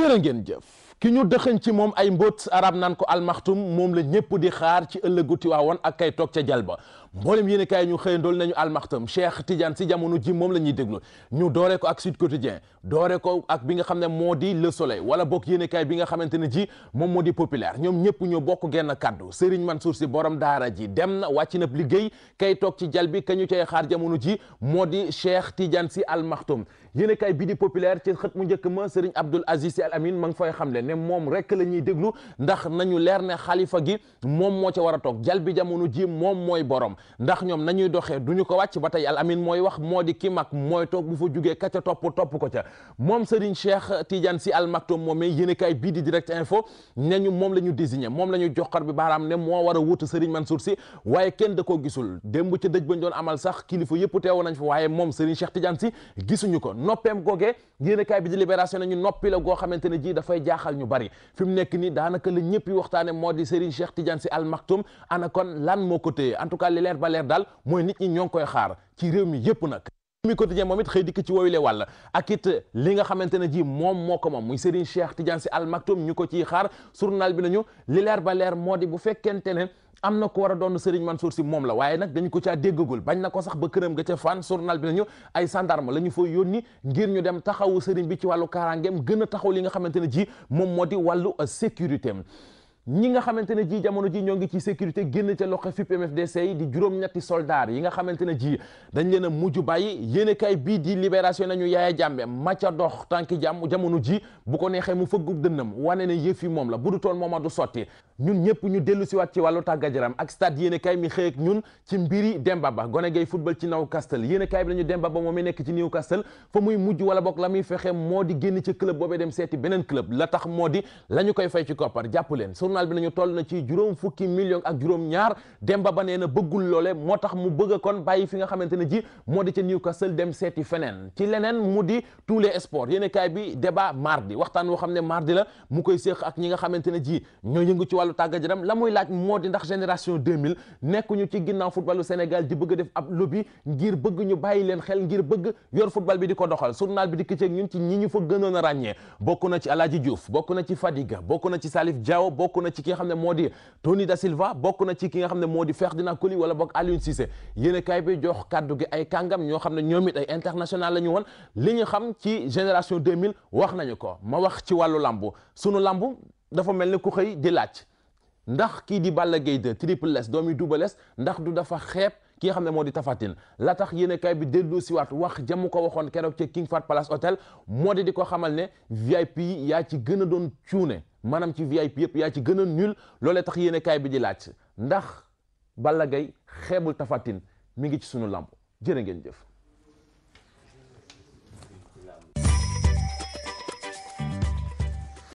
jërë ngeen jëf ki ñu dëxëñ ci moom ay mbóot arab naan ko almaxtum moom la ñëpp di xaar ci ëllëgu Tiwaawoon ak kay toog ca jal ba mboolem yéen kaay ñu xëyandool nañu almaxtum Cheikh Tidiane si jamono ji moom la ñuy déglu ñu doore ko ak Sud Quotidien doore ko ak bi nga xam ne moo di Le Soleil wala bokk yéen bi nga xamante ne ji moom moo di populaire ñoom ñëpp ñu bokk genn kàddu man suur si borom daara ji dem na wàcc na liggéey kay toog ci jal bi ka ñu cay xaar jamono ji moo di Cheikh Tidiane si almaxtum yéen kaay bi di populaire mu njëkk ma Serigne Abdoul Aziz Al Amin ma ngi fay ne moom rek la ñuy déglu ndax nañu leer ne xalifa gi moom moo ca wara toog jal bi jamono ji moom mooy borom ndax ñoom nañuy doxee du ñu ko wàcc ba tey al amin mooy wax moo di ki mag mooy toog bu fa jugee ka ca topp topp ko ca moom Serigne Cheikh Tidiane si Al Maktoum moom yéenekaay bii di direct info ne ñu moom la ñu désigné moom la ñu joxar bi baaraam ne moo war a wuutu Serigne Mansour Sy waaye kenn da koo gisul démb ca dëj bañ doon amal sax kilifa yëpp teewoon nañ fa waaye moom Serigne Cheikh Tidiane Sy gisuñu ko noppeem googee yéenekaay bi di libération nañu noppi la goo xamante ne ji dafay jaaxal ñu bari fi mu nekk nii daanaka la ñëpp yi waxtaane moo di Serigne Cheikh Tidiane Sy ana kon lan moo ko en tout cas li leer ba mooy nit ñi ñoo xaar ci réew mi yëpp nag mi quotidien moom it xëy ci woyule wàll ak it li nga ji moom moo ko muy Serigne Cheikh Tidiane Sy Al ñu ko ciy xaar journal bi nañu li leer ba leer bu fekkente ne am na ko war a doon man Mansour Sy moom la waaye nag dañ ko caa déggagul bañ na ko sax ba këram ga ca fan journal bi nañu ay gendarme la ñu fa yónni ngir ñu dem taxawu Serigne bi ci wàllu kaaraangeem gën a taxaw nga xamante ne ji moom moo di wàllu euh, sécurité am ñi nga xamante ne ji jamono ji ñoo ngi ci sécurité génn ca loxo FIP MFDC yi di juróom yi nga xamante ne ji dañ leen a mujj bàyyi yéene kay bii di libération nañu yaaya jàmbe maca dox tànki jàmm jamono jii bu ko neexee mu fëggub dënnam wane na yëf yi moom la bu du toon mooma du sotti ñun ñëpp ñu dellu si waat ci wàllu tàggat yaram ak stade yéen kay mi xëy ak ñun ci mbiri Demba Ba gone gay football ci Newcastle yéen kay bi nañu Demba Ba moo mi nekk ci Newcastle fa muy mujj wala boog la muy fexe moo di génn ci club boobee dem seeti beneen club la tax moo di la koy fay ci koppar jàpp leen journal bi nañu toll na ci juróom fukki million ak juróom ñaar Demba Ba nee na bëggul loole moo tax mu bëgg a kon bàyyi fi nga xamante ne ji moo di ca Newcastle seeti feneen ci leneen mu di tous les sports yéen kay bi débat mardi waxtaan woo xam ne mardi la mu koy séq ak ñi nga xamante ne ji ñoo yëngu ci wàllu wàllu tàggat la muy laaj moo di ndax génération 2000 nekkuñu ci ginnaaw footballu Sénégal di bëgg def ab lobby ngir bëgg ñu bàyyi leen xel ngir bëgg yor football bi di ko doxal journal bi di këcceeg ñun ci ñi ñu fa gënoon a ràññee bokk na ci Aladji Diouf bokk na ci Fadiga bokk na ci Salif Diao bokk na ci ki nga xam ne moo di Tony da Silva bokk na ci ki nga xam ne moo di Ferdinand xam ne ñoom it ay international la ñu woon li ñu xam ci génération 2000 wax nañu ko ma wax ci wàllu lambu sunu lambu dafa mel ni ku xëy di laaj ndax kii di Balla Gaye 2 Triple doom yi Double S ndax du dafa xeeb ki nga xam ne moo di tafatin la tax yéen kay bi dellu si waat wax jamu ko waxoon keroog ca King Fahd Palace Hotel moo di di ko xamal ne VIP yaa ci gën a doon cuune maanaam ci VIP yëpp yaa ci gën a nul loolee tax yéen kay bi di laaj ndax Balla Gaye xeebul tafatin mi ngi ci sunu làmp jërë ngeen jëf